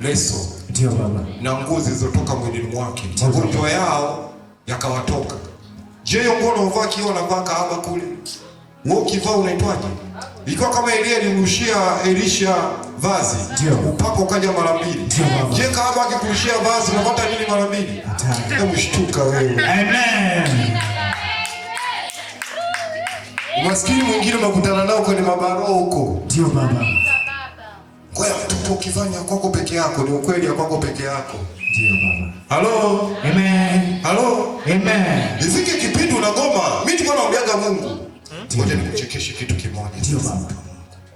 leso ndio Baba, na nguo zilizotoka mwilini mwake, magonjwa yao yakawatoka. Je, hiyo nguo unaovaa kio na baka hapa kule, wewe ukivaa unaitwaje? Ilikuwa kama Elia alirushia Elisha vazi, upako ukaja mara mbili. Je, kama akikurushia vazi unapata nini mara mbili? Hebu shtuka wewe. Amen. Umaskini mwingine unakutana nao kwenye mabarua huko. Ndio Baba. Kwa hiyo mtoto ukifanya kwako peke yako ni ukweli ya kwako peke yako. Ndio baba. Halo. Amen. Halo. Amen. Ifike kipindi unagoma. Mimi niko naombiaga Mungu. Ngoja nikuchekeshe kitu kimoja. Ndio baba.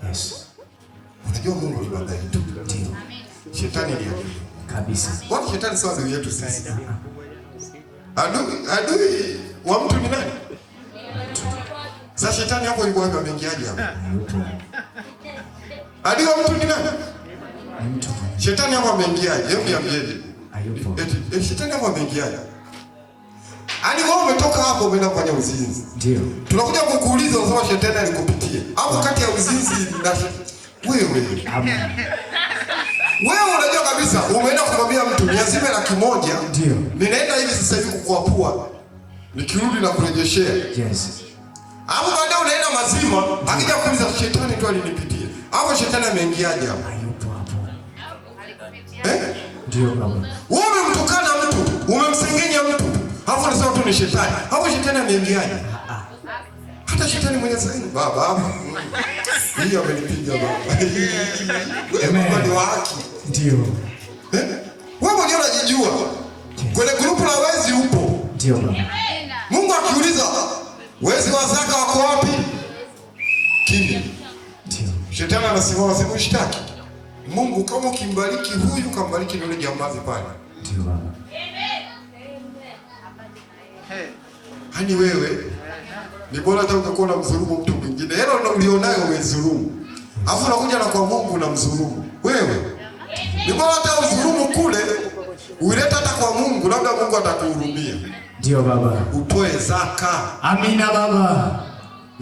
Yes. Unajua Mungu ni baba yetu. Ndio. Shetani ni ndiye kabisa. Kwa Wao shetani sawa ndio yetu sisi. Adui, adui wa mtu ni nani? Sasa shetani hapo ilikuwa ameingiaje hapo? Alio mtu ni nani? Mtu. Shetani hapo ameingiaje? Hebu niambieni. Eti e, shetani hapo ameingiaje? Ani wewe umetoka hapo umeenda kufanya uzinzi. Ndio. Tunakuja kukuuliza unasema shetani alikupitia. Hapo ah. kati ya uzinzi na wewe. Amina. Wewe unajua kabisa umeenda kumwambia mtu niazime laki moja. Ndio. Ninaenda hivi sasa hivi kukuapua. Nikirudi na kurejeshea. Yes. Hapo baadaye unaenda mazima, akija kuuliza shetani tu alinipitia hapo shetani ameingiaje hapo? Eh? Ndio hapo. Wewe umemtukana mtu, umemsengenya mtu, hapo unasema tu ni shetani. Hapo shetani ameingiaje? Ah, ah. Hata shetani mwenye sahihi baba Hiyo amenipiga baba. Wewe baba ni wa haki. Ndio. Eh? Wewe mwenyewe unajijua. Kwenye grupu la wezi upo. Ndio baba. Mungu akiuliza wezi wa zaka wako wapi? anasema wasema ushtaki Mungu, kama ukimbariki huyu kambariki na yule jambazi pale. Ndio baba. Hani wewe ni bora hata ungekuwa na mzurumu mtu mwingine. Hela ulionayo wewe dhulumu. Alafu unakuja na kwa Mungu na mzurumu. Wewe ni bora hata udhulumu kule uileta hata kwa Mungu, labda Mungu atakuhurumia. Ndio baba. Utoe zaka. Amina baba.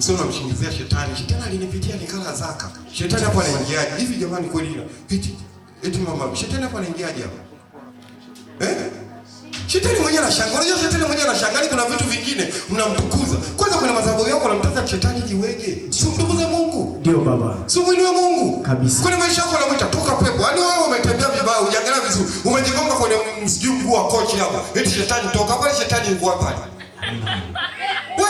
Msio namshingizia shetani. Shetani alinipitia nikala zaka. Shetani hapo anaingiaje? Hivi jamani kweli ila. Piti. eti mama, shetani hapo anaingiaje hapo? Eh? Shetani mwenyewe anashangaa. Unajua shetani mwenyewe anashangaa kuna vitu vingine mnamtukuza. Kwanza kuna madhabahu yako unamtaza shetani jiweje? Simtukuze Mungu. Ndio baba. Simuinue Mungu. Kabisa. Kuna maisha yako anamuita toka pepo. Yaani wewe umetembea vibaya, hujaangalia vizuri. Umejigonga kwenye msijui mguu wa kochi hapa. Eti shetani toka pale, shetani yuko hapa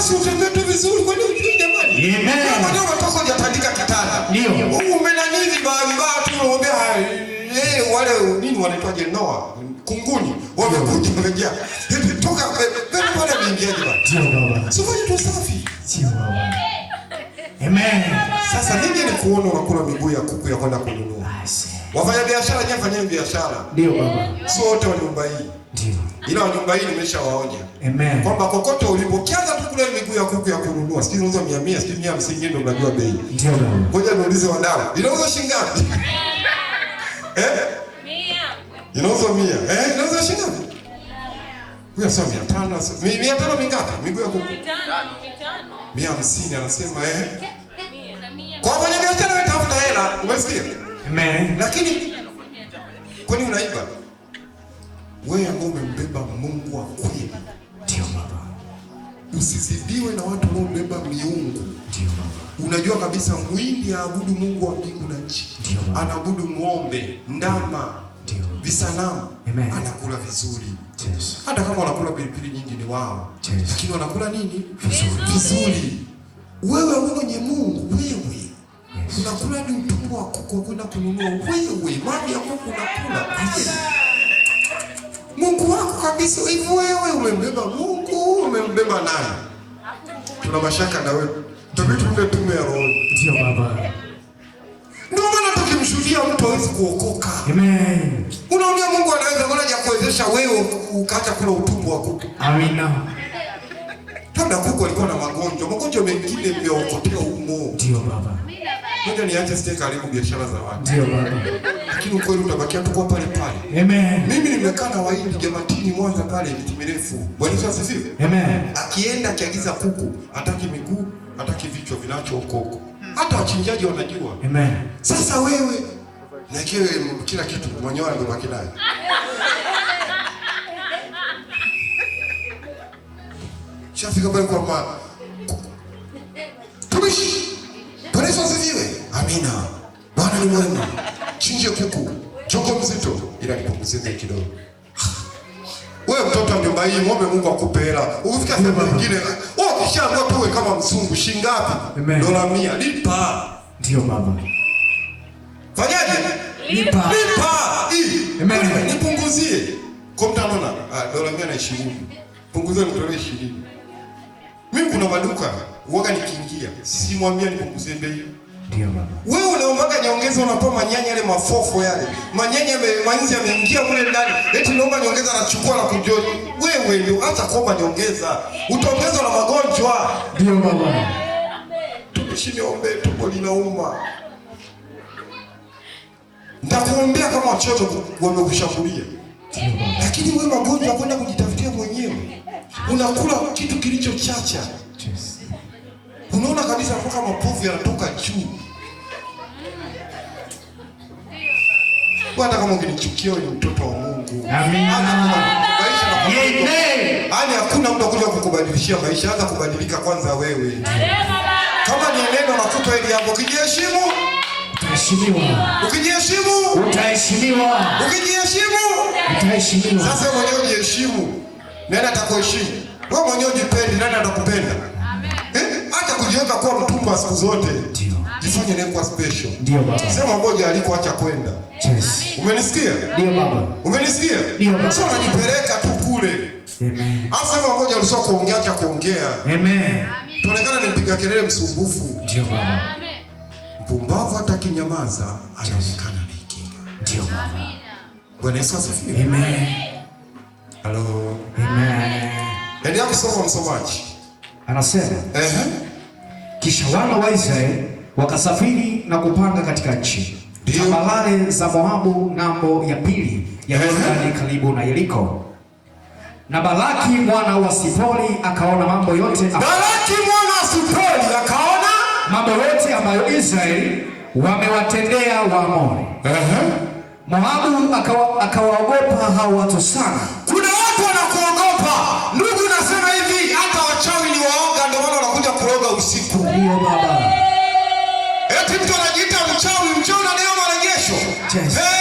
basi utembee tu vizuri, kwani ujui jamani? Amen. Kwa nini unatoka hajatandika kitanda. Ndio. Huu mena nini vibaya vibaya tu unaombea eh, wale nini wanaitwaje Noa? Kunguni. Wamekuja wameingia. Hivi toka kwa eh, nini eh, wale wameingia jamani. Ndio baba. Sifanye tu safi. Ndio baba. Amen. Sasa nini ni kuona unakula miguu ya kuku ya kwenda kununua. Wafanya biashara nyafanya biashara. Ndio baba. Sio wote wa nyumba hii. Ndio ila nyumba hii nimeshawaonya kwamba kokote ulipo, ukianza tu kule miguu ya kuku ya kununua, mia mia, 100 mia 150, ndio unajua bei. Ngoja niulize wadau, inauza shilingi ngapi? Eh, 100 inauza 100 eh, inauza shilingi ngapi? Huyo sio 500, 500 mingapi? miguu ya kuku 500, 150 anasema eh, kwa mwenye biashara wewe hela, umesikia? Lakini kwani unaiba wewe ambao umembeba Mungu wa kweli, ndio baba. Usizidiwe na watu ambao wanaobeba miungu, ndio baba. Unajua kabisa mwili aabudu Mungu wa mbingu na nchi, anaabudu ng'ombe, ndama, ndio visanamu, amen. anakula vizuri yes. Hata kama wanakula pilipili nyingi ni wao yes. Lakini wanakula nini? Vizuri, vizuri. Wewe mwenye Mungu wewe unakula ni utumwa wa kuku, kwenda kununua wewe, mali ya kuku unakula Yes kabisa hivi. Wewe umembeba Mungu, umembeba naye? Tuna mashaka na wewe, tabidi tuende tume ya Roho. Ndio baba, ndio maana tukimshuhudia mtu hawezi kuokoka. Amen. Unaona Mungu anaweza, ya kuwezesha wewe ukata kula utumbo wa kuku? Amina. Labda kuku alikuwa na magonjwa, magonjwa mengine mmeokotea humo. Ndio baba. Amina. Ngoja niache sije karibu biashara za watu. Ndio baba. Lakini ukweli utabakia tuko pale pale. Amen. Mimi nimekaa na wahindi Jamatini Mwanza pale miti mirefu. Bwana Yesu asifiwe. Amen. Akienda akiagiza kuku, hataki miguu, hataki vichwa vinacho huko. Hmm. Hata wachinjaji wanajua. Amen. Sasa wewe na kila kitu manyoya ndio makidai. Shafika pale kwa mama. Amina. Bwana ni mwema. Chinje kuku, choko mzito ila nipunguzike kidogo. Wewe mtoto wa nyumba hii, muombe Mungu akupe hela. Ukifika sehemu nyingine, wewe ukishaamua tuwe kama msungu shingapi? Dola 100 lipa. Ndio baba. Fanyaje? Lipa. Lipa. Amen. Nipunguzie. Kwa mtano na ah, dola 100 na 20. Punguza nitolee 20. Mimi kuna maduka, uoga nikiingia, simwambia nipunguzie bei. Ndio baba. Wewe unaombaga nyongeza unapewa manyanya yale mafofu yale. Manyanya yame manzi yameingia kule ndani. Eti naomba nyongeza na chukua na kujoji. Wewe ndio hata kuomba nyongeza. Utaongezwa na magonjwa. Ndio baba. Tumishi niombe tumbo linauma. Nitakuombea kama watoto wamekushakulia. Lakini wewe magonjwa kwenda kujitafutia mwenyewe. Unakula kitu kilicho chacha unaona kabisa mpaka mapovu yanatoka juu. Hata kama ungenichukia ni mtoto wa Mungu. Yaani hakuna mtu kuja kukubadilishia maisha, hata kubadilika kwanza wewe. Kama ni neno nakupa ili hapo kijiheshimu, utaheshimiwa. Ukijiheshimu, utaheshimiwa. Ukijiheshimu, utaheshimiwa. Sasa mwenyewe jiheshimu. Nani atakuheshimu? Wewe mwenyewe jipende, nani atakupenda? Acha kujiweka kuwa mtumwa siku zote. Ndio. Jifanye ni kwa special. Ndio baba. Sema ngoja acha kwenda. Yes. Umenisikia? Ndio baba. Umenisikia? Ndio baba. Sio unanipeleka tu kule. Amen. Sema ngoja alisho kuongea acha kuongea. Amen. Tuonekana ni mpiga kelele msumbufu. Ndio baba. Mpumbavu hata kinyamaza anaonekana ni kinga. Ndio baba. Bwana Yesu asifiwe. Amen. Hello. Amen. Endelea kusoma msomaji. Anasema. Eh. Kisha wana wa Israeli wakasafiri na kupanga katika nchi tambalale za Moabu ng'ambo ya pili ya Yordani karibu na Yeriko. Na Balaki mwana wa Sipori akaona mambo yote, Balaki mwana wa Sipori akaona mambo yote ambayo Israeli wamewatendea Waamori. uh -huh. Moabu akawaogopa hao watu sana chest. Hey!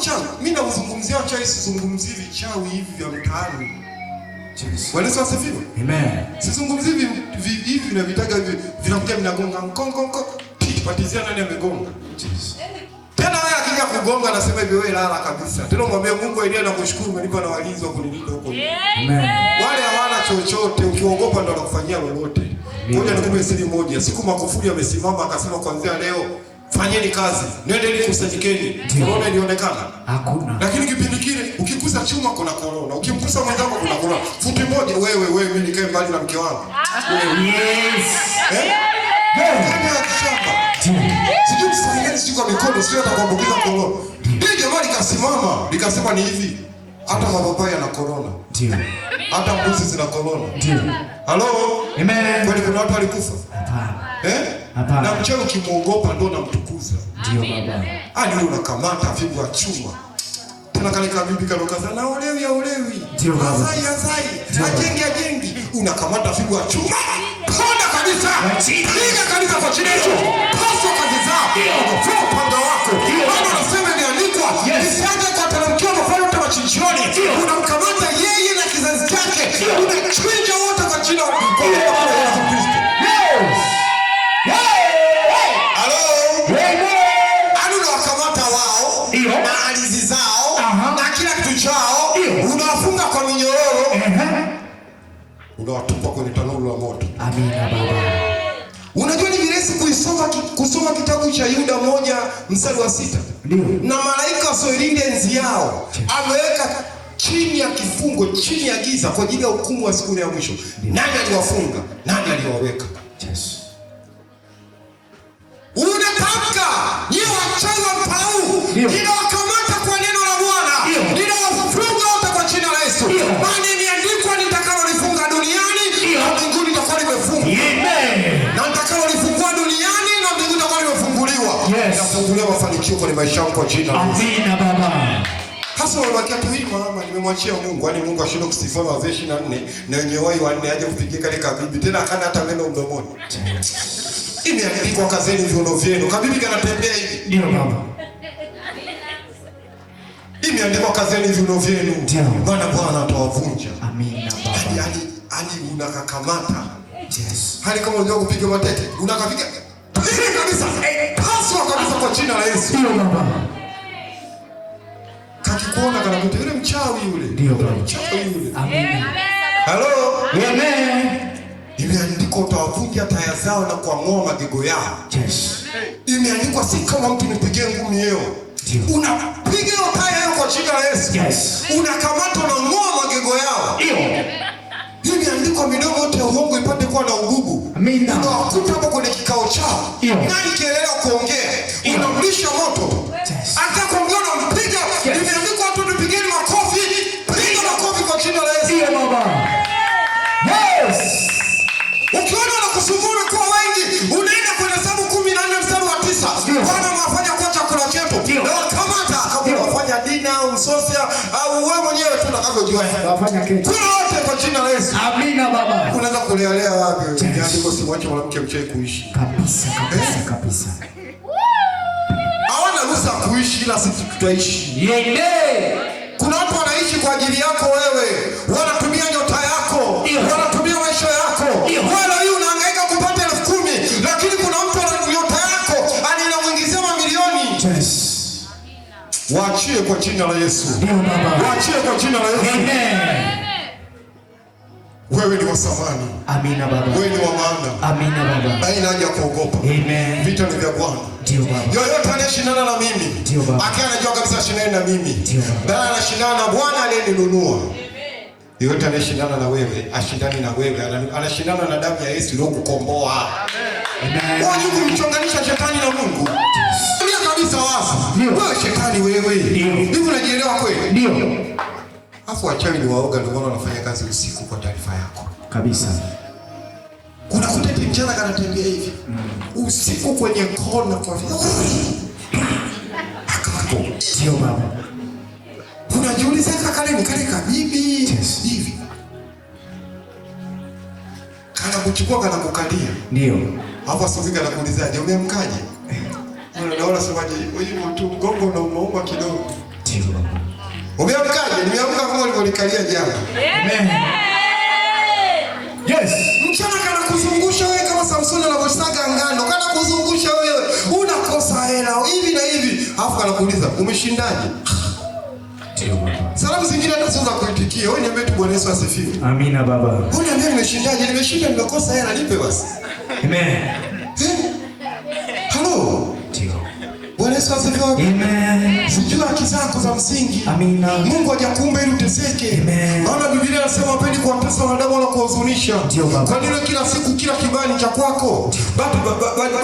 uchawi. Mimi na kuzungumzia uchawi, sizungumzii vichawi hivi vya mtaani. Jesus. Wale sasa asifiwe. Amen. Sizungumzii hivi hivi na vitaka hivi vinakuja vinagonga mkongo mkongo. Patizia nani amegonga? Jesus. Tena wewe akija kugonga anasema hivi wewe lala kabisa. Tena mwambie Mungu aidia na kushukuru umenipa na walinzi wa kunilinda huko. Amen. Wale hawana chochote ukiogopa ndio anakufanyia lolote. Ngoja nikupe siri moja. Siku Magufuli amesimama akasema kuanzia leo Fanyeni kazi, nendeni kusanyikeni. Korona ilionekana hakuna, lakini kipindi kile ukikusa chuma kuna korona, ukimkusa mwenzako kuna korona. Futi moja wewe wewe, mimi nikae mbali na mke wangu. Yes, eh, sijui msaidieni, sijui kwa mikono, sijui hata kuambukiza korona. Hii jamaa likasimama likasema ni hivi, hata mapapai yana korona, ndio hata mbuzi zina korona, ndio halo. Amen, kwani kuna watu walikufa? Hapana. Eh? Na mchawi ukimwogopa ndio unamtukuza. Ndio baba. Hadi ah, unakamata vibu wa chuma. Tuna kale kama bibi karoka sana olewi ya olewi. Ndio baba. Sai sai. Ajenge ajenge. Unakamata vibu wa chuma. Kona kabisa. Piga kabisa kwa chini hicho. Pasa kabisa. Ndio. mstari wa sita na malaika wasioilinda enzi yao ameweka chini ya kifungo, chini ya giza kwa ajili ya hukumu wa siku ya mwisho. Nani aliwafunga? Nani aliwaweka? Yes. Unatamka, ni wachawi wa pau mafanikio kwenye maisha yako kwa jina la Yesu. Amina baba. Hasa wanakia tu hii mama nimemwachia Mungu, yaani Mungu ashinde kusifiwa wazee 24 na wenye wai wanne aje kupigia katika bibi. Tena kana hata neno mdomoni. Imeandikwa kazeni viuno vyenu. Kabibi kanatembea hivi. Ndio baba. Imeandikwa kazeni viuno vyenu. Ndio. Bwana Bwana atawavunja. Amina baba. Yaani ali yaani, yaani unakakamata. Yes. Hali yaani kama unajua kupiga mateke, unakapiga. Kabisa kwa jina la Yesu. Ndio baba. Kakikuona kana mtu yule mchawi yule. Ndio baba. Mchawi yule. Amen. Hello. Amen. Imeandikwa utawavunja taya zao na kuang'oa magogo yao. Yes. Imeandikwa si kama mtu nipigie ngumi yeo. Unapiga hiyo taya yao kwa jina la Yesu. Yes. Unakamata na ng'oa magogo yao. Ndio. Imeandikwa midomo uongo ipate kuwa na ugugu. Amina. hakuta hapo kwenye kikao chao, nani kielewa kuongea, unamlisha moto Utawafanya keti. Wote kwa jina la Yesu. Amina baba. Unaweza wapi? Yaani mwanamke mchai kuishi. Kabisa eh? kabisa kabisa. Hawana ruhusa kuishi ila sisi tutaishi. Yeye. Kuna watu wanaishi kwa ajili yako wewe. Wana Waachie kwa jina la Yesu. Ndio baba. Waachie kwa jina la Yesu. Amen. Wewe ni wa thamani. Amina baba. Wewe ni wa maana. Amina baba. Haina haja kuogopa. Amen. Vita ni vya Bwana. Ndio baba. Yoyote anayeshindana na mimi. Ndio baba. Akiwa anajua kabisa shindana na mimi. Ndio baba. Bali anashindana na Bwana aliyeninunua. Amen. Yoyote anayeshindana na wewe, ashindani na wewe, anashindana na damu ya Yesu iliyokukomboa. Amen. Amen. Wewe ni kumchonganisha shetani na Mungu. Yes kabisa wafu. Ndio. Wewe shetani wewe. Ndio. unajielewa kweli? Ndio. Afu wachawi ni waoga ndio maana wanafanya kazi usiku kwa taarifa yako. Kabisa. Kuna kutete mchana kanatembea hivi. Mm. Usiku kwenye kona kwa vile. Akako. Ndio baba. Unajiuliza kaka kale ni kale kabibi. Yes. Hivi. Kana kuchukua kana kukalia. Ndio. Hapo asubuhi kana "Je, umeamkaje? Naona semaje hivi tu mgongo unaumauma kidogo. Umeamkaje? Nimeamka kama ulivyolikalia jambo. Amen. Yes. Mchana kana kuzungusha wewe kama Samsoni anavyosaga ngano, kana kuzungusha wewe, unakosa hela hivi na hivi. Alafu anakuuliza, "Umeshindaje?" Salamu zingine hata sio za kuitikia. Wewe niambie tu Bwana Yesu asifiwe. Amina baba. Wewe niambie umeshindaje? Nimeshinda nimekosa hela, nipe basi. Amen. Yesu asifiwe. Amen. Sijua haki zako za msingi. Amina. Mungu hajakuumba ili uteseke. Amen. Maana Biblia inasema pendi kuwatesa wanadamu wala kuwahuzunisha. Ndio baba. Kwa nini kila siku kila kibali cha kwako Bado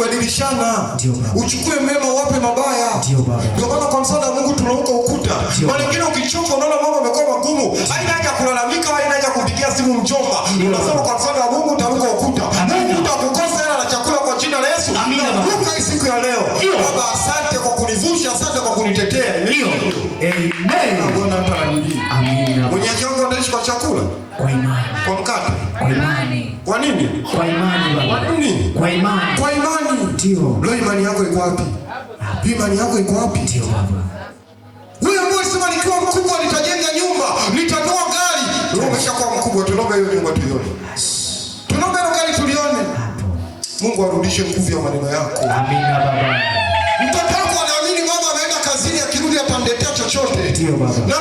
badilishana? Ndio baba. Uchukue mema uwape mabaya. Ndio baba. Ndio maana kwa msaada wa Mungu tunaruka ukuta. Kwa nini ukichoka unaona mambo yamekuwa magumu. Haina haja kulalamika, haina haja kupigia simu mjomba. Unasema kwa msaada wa Mungu utaruka ukuta. Mungu utakukosa hela na chakula kwa jina la Yesu. Amina. Siku ya leo. Baba asante. chakula kwa imani. Kwa mkate kwa imani. Kwa nini? Kwa imani baba. Kwa nini? Kwa imani. Kwa imani. Ndio. Leo imani yako iko wapi? Imani yako iko wapi? Ndio baba. Wewe ambaye unasema nikiwa mkubwa nitajenga nyumba, nitanua gari. Wewe umeshakuwa mkubwa, tunaomba hiyo nyumba tuione. Tunaomba hiyo gari tulione. Mungu arudishe nguvu ya maneno yako. Amina baba. Mtoto wako anaamini mama ameenda kazini, akirudi ataniletea chochote. Ndio baba. Na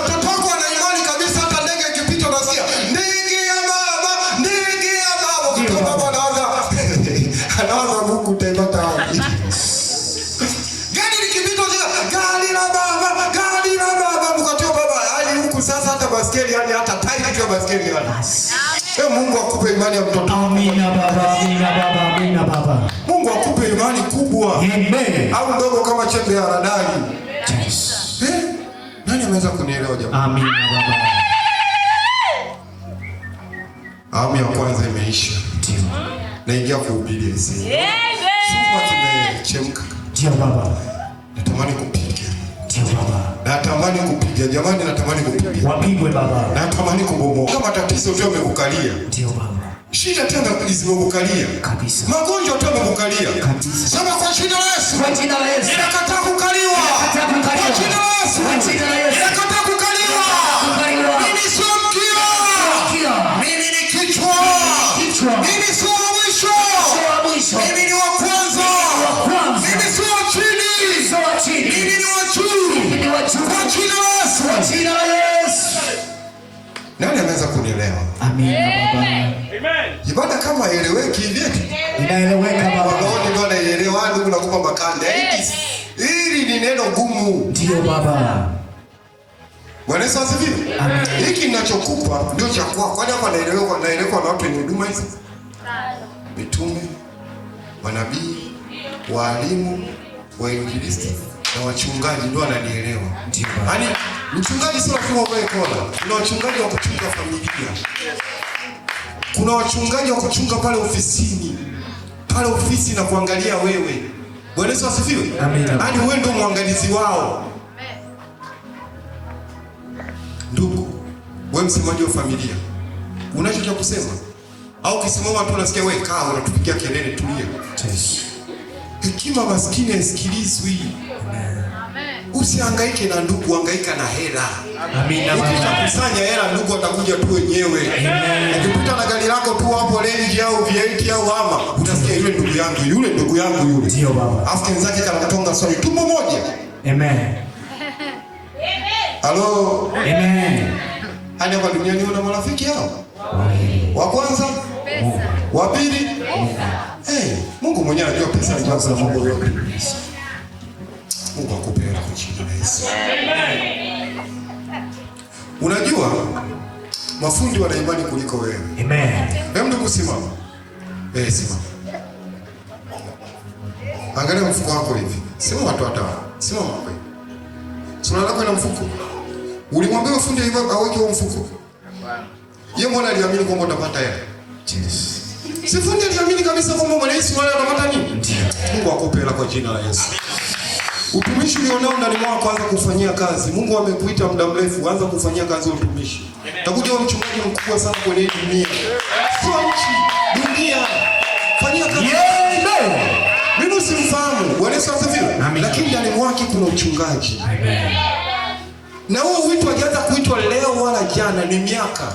baskeli hadi hata tairi ya baskeli hadi. Ee eh, Mungu akupe imani ya mtoto. Amina baba, amina baba, amina baba. Mungu akupe imani kubwa. Amen. Au ndogo kama chembe ya haradali. Yes. Eh? Nani ameweza kunielewa jamani? Amina baba. Awamu ya kwanza imeisha. Ndio. Naingia kuhubiri hizi. Yes. Chumba Chemka. Ndio baba. Natamani kupiga. Ndio baba. Natamani kupiga jamani, natamani kupiga. Wapigwe baba. Natamani kubomoa. Kama tatizo vyo vimekukalia. Ndio baba. Shida tena zimekukalia. Kabisa. Magonjwa tena yamekukalia. Kabisa. Sema kwa jina la Yesu. Kwa jina la Yesu. Inakataa kukaliwa. Inakataa kukaliwa. Kwa jina la Yesu. ibada kama haeleweki hivi, inaeleweka baba, anaielewa ndugu, nakupa makande. Yaani hili ni neno gumu. Ndio baba. Bwana Yesu asifiwe. Hiki ninachokupa ndio cha kwako. Kwani hapa naeleweka naeleweka na wapi wenye huduma hizi? Mitume, manabii, walimu, wainjilisti na wachungaji ndio wananielewa. Ndio. Yaani mchungaji sio lazima uwe kona. Kuna wachungaji wa kuchunga familia. Kuna wachungaji wa kuchunga pale ofisini, pale ofisi na kuangalia wewe. Bwana Yesu asifiwe. amen. Hadi yaani wewe ndio mwangalizi wao. Ndugu, wewe msemaji wa familia, unacho cha kusema au ukisimama watu unasikia wewe, kaa, unatupigia kelele, tulia. Hekima maskini haisikilizwi. Amen. Usihangaike na ndugu, hangaika na hela. Amina. Ukishakusanya hela, ndugu atakuja tu wenyewe. Ukipita na gari lako tu hapo range au V8 au ama, utasikia yule ndugu yangu yule, ndugu yangu yule. Ndio baba. Afu kenzake katonga swali tumbo moja. Amen. Halo. Amen. Hadi hapa duniani una marafiki hao? Wa kwanza? Pesa. Wa pili? Pesa. Eh, Mungu mwenyewe anajua pesa ni ndio sababu yote. Mungu akupe hela kwa jina la Yesu. Unajua mafundi wana imani kuliko wewe. Amen. Hebu ndugu simama. Eh, simama. Angalia mfuko wako hivi. Simama watu watano. Simama hapo. Sura lako ina mfuko. Ulimwambia fundi hivyo aweke huo mfuko. Yeye mbona aliamini kwamba utapata hela? Jesus. Si fundi aliamini kabisa kwamba Mwana Yesu wala atapata nini? Mungu akupe hela kwa jina la Yesu. Utumishi ulionao ndani mwako anza kufanyia kazi. Mungu amekuita muda mrefu, anza kufanyia kazi utumishi. Takuja mchungaji mkubwa sana kwenye hii dunia. Sio nchi, dunia. Fanyia kazi. Mimi simfahamu. Bwana Yesu asifiwe. Lakini ndani mwake kuna uchungaji. Amen. Na huo wito hajaanza kuitwa leo wala jana, ni miaka.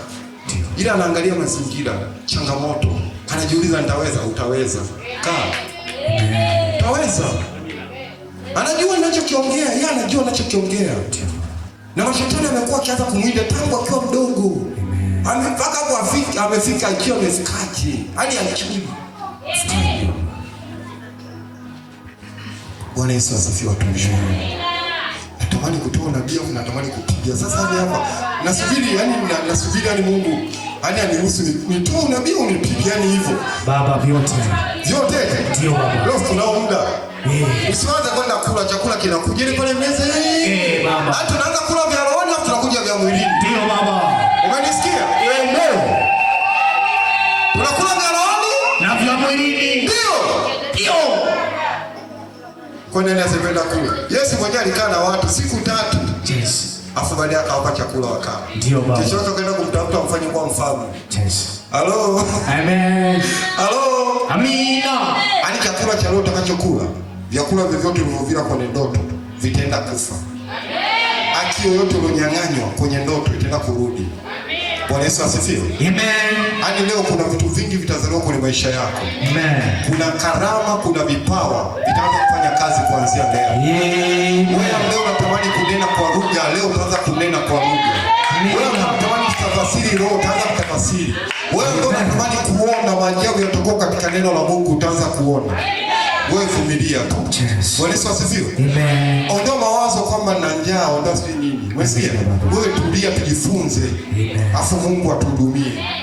Ila anaangalia mazingira, changamoto. Anajiuliza, nitaweza? Utaweza. Kaa. Utaweza. Anajua ninachokiongea, yeye anajua ninachokiongea. Na mashetani amekuwa akianza kumwinda tangu akiwa mdogo. Amepaka kwa fiki, amefika akiwa ameskati. Hadi yaani anachui. Bwana Yesu asifiwe watumishi. Natamani kutoa unabii, natamani kupiga. Sasa hivi hapa nasubiri, yani nasubiri yani Mungu yani aniruhusu nitoe unabii unipige yani hivyo. Baba vyote. Vyote. Ndio baba. Leo tunao muda. Eh. Usianze kwenda kula chakula kinakuja ile pale meza eh, baba. Hata tunaanza kula vya roho na tunakuja vya mwilini. Ndio baba. Umenisikia? Wewe ndio. Tunakula vya roho na vya mwilini. Ndio. Ndio. Kwa nini asipenda kula? Yesu mwenyewe alikaa na watu siku tatu. Yes. Afu baadaye akawapa chakula wakala. Ndio baba. Kesho akaenda kumtafuta mfanye kwa mfalme. Yes. Halo. Amen. Halo. Amina. Ani chakula cha roho utakachokula Vyakula vyovyote ulivyovila kwenye ndoto vitaenda kufa. Haki yoyote ulionyang'anywa kwenye ndoto itaenda kurudi. Bwana Yesu asifiwe. Amen. Hadi leo kuna vitu vingi vitazaliwa kwenye maisha yako. Amen. Kuna karama, kuna vipawa vitaanza kufanya kazi kuanzia leo. Wewe leo unatamani kunena kwa lugha, leo utaanza kunena kwa lugha. Wewe unatamani kutafasiri roho, utaanza kutafasiri. Wewe ndio unatamani kuona maajabu yatokao katika neno la Mungu, utaanza kuona. Amen. Wewe vumilia tu. Yesu asifiwe. Amen. Ondoa mawazo kwamba na njaa, ondoa sisi nini. Wewe tulia, tujifunze. Afu Mungu atuhudumie.